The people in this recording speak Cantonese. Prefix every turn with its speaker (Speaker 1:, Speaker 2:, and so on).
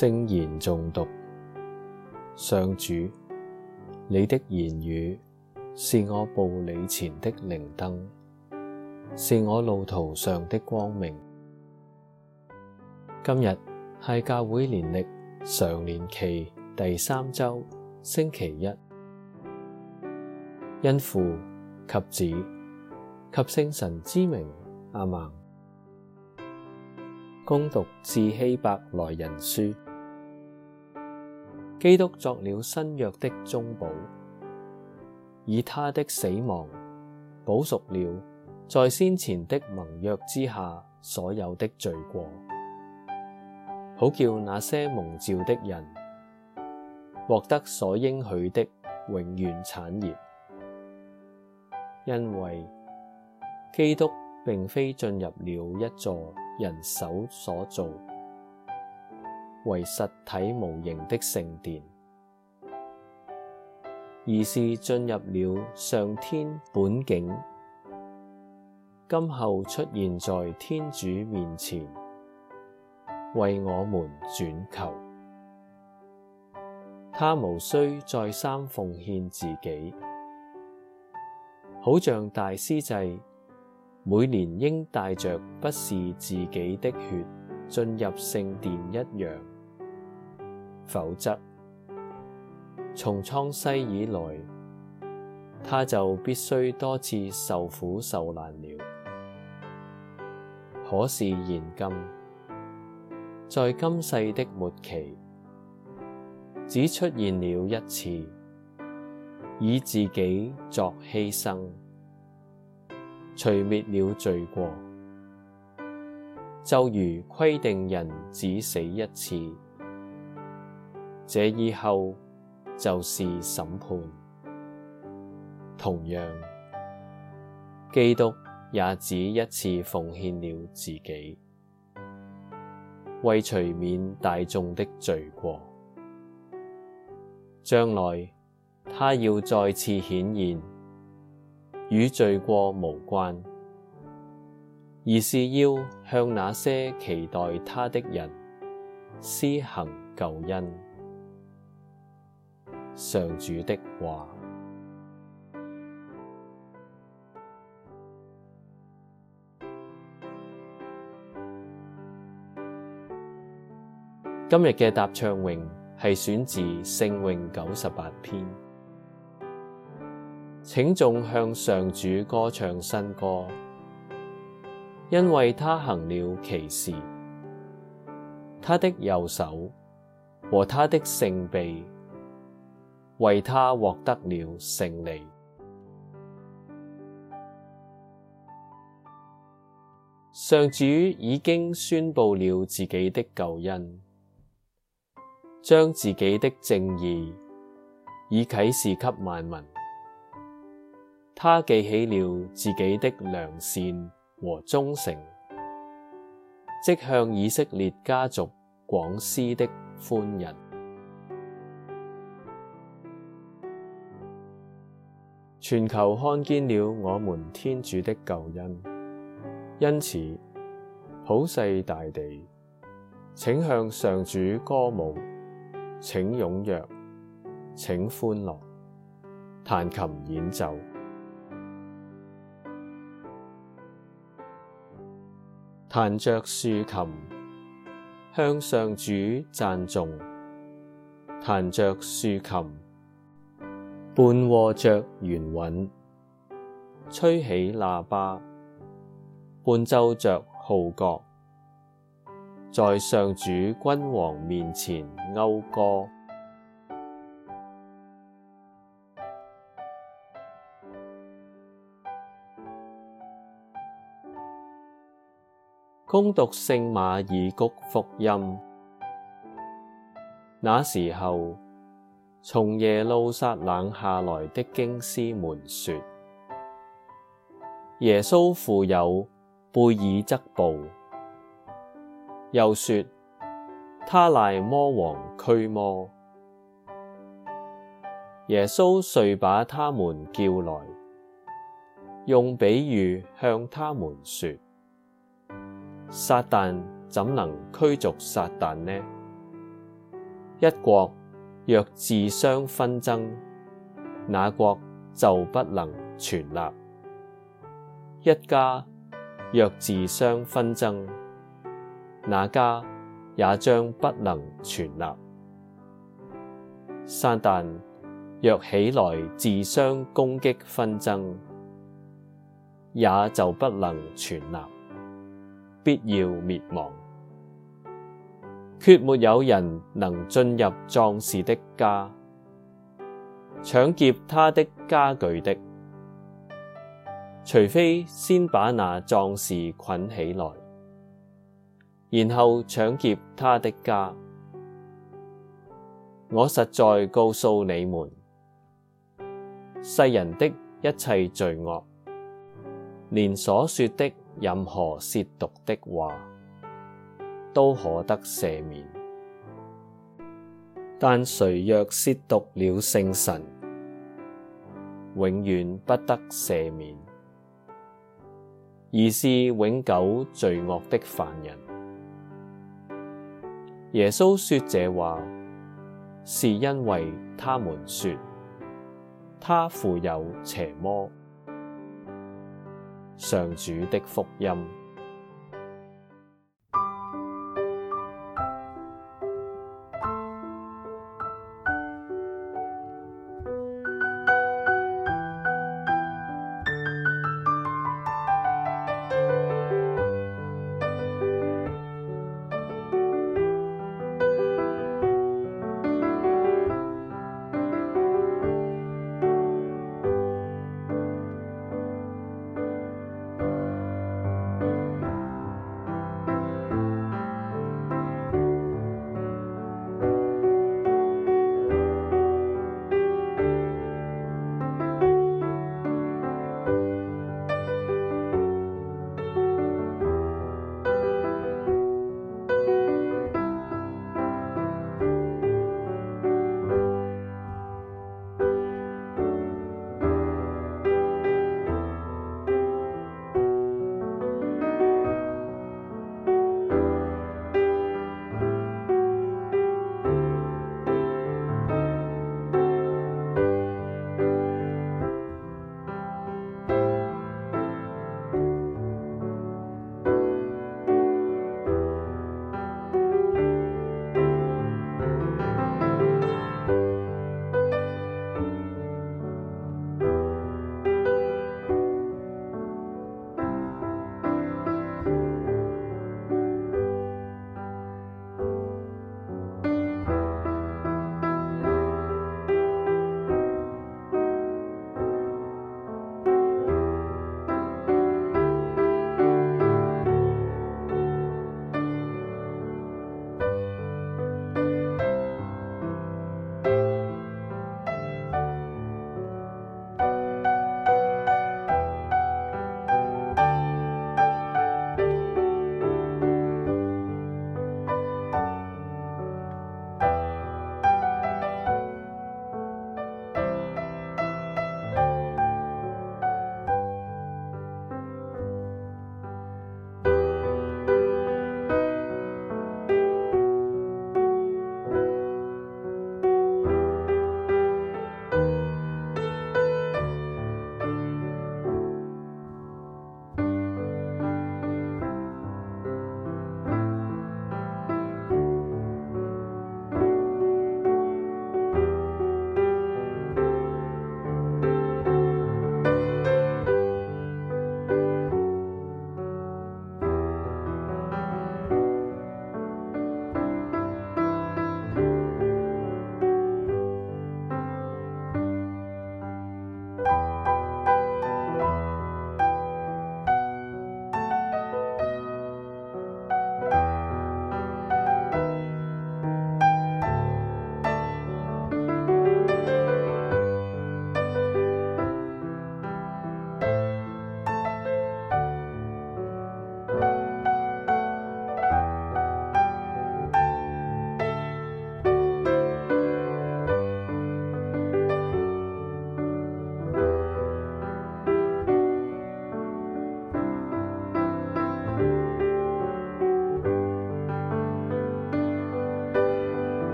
Speaker 1: 聖言誦讀，上主，你的言語是我步履前的靈燈，是我路途上的光明。今日係教會年曆常年期第三周星期一，因父及子及聖神之名，阿門。恭讀致希伯來人書。基督作了新約的中保，以他的死亡，補贖了在先前的盟約之下所有的罪過，好叫那些蒙召的人，獲得所應許的永遠產業。因為基督並非進入了一座人手所造。為實體模型的聖殿，而是進入了上天本境，今後出現在天主面前，為我們轉求，他無需再三奉獻自己，好像大司祭每年應帶着不是自己的血進入聖殿一樣。否則，從創世以來，他就必須多次受苦受難了。可是現今，在今世的末期，只出現了一次，以自己作犧牲，除滅了罪過，就如規定人只死一次。這以後就是審判。同樣，基督也只一次奉獻了自己，為除免大眾的罪過。將來他要再次顯現，與罪過無關，而是要向那些期待他的人施行救恩。上主的話。今日嘅答唱詠係選自聖詠九十八篇，請眾向上主歌唱新歌，因為他行了奇事，他的右手和他的聖臂。為他獲得了勝利。上主已經宣布了自己的救恩，將自己的正義已啟示給萬民。他記起了自己的良善和忠誠，即向以色列家族廣施的寬仁。全球看見了我們天主的救恩，因此普世大地，請向上主歌舞，請踴躍，請歡樂，彈琴演奏，彈着豎琴向上主讚頌，彈着豎琴。伴和着弦韻，吹起喇叭，伴奏着號角，在上主君王面前謳歌。恭讀聖馬爾谷福音，那時候。從耶路撒冷下來的經師們說：耶穌附有貝耳則步，又說他賴魔王驅魔。耶穌遂把他們叫來，用比喻向他們說：撒殫怎能驅逐撒殫呢？一國，若自相紛爭，那國就不能存立；一家若自相紛爭，那家也將不能存立。撒殫若起來自相攻擊紛爭，也就不能存立，必要滅亡。決沒有人能進入壯士的家，搶劫他的家具的，除非先把那壯士捆起來，然後搶劫他的家。我實在告訴你們，世人的一切罪惡，連所說的任何褻瀆的話，都可得赦免，但誰若褻瀆了聖神，永遠不得赦免，而是永久罪惡的犯人。耶穌說這話，是因為他們說他附有邪魔。上主的福音。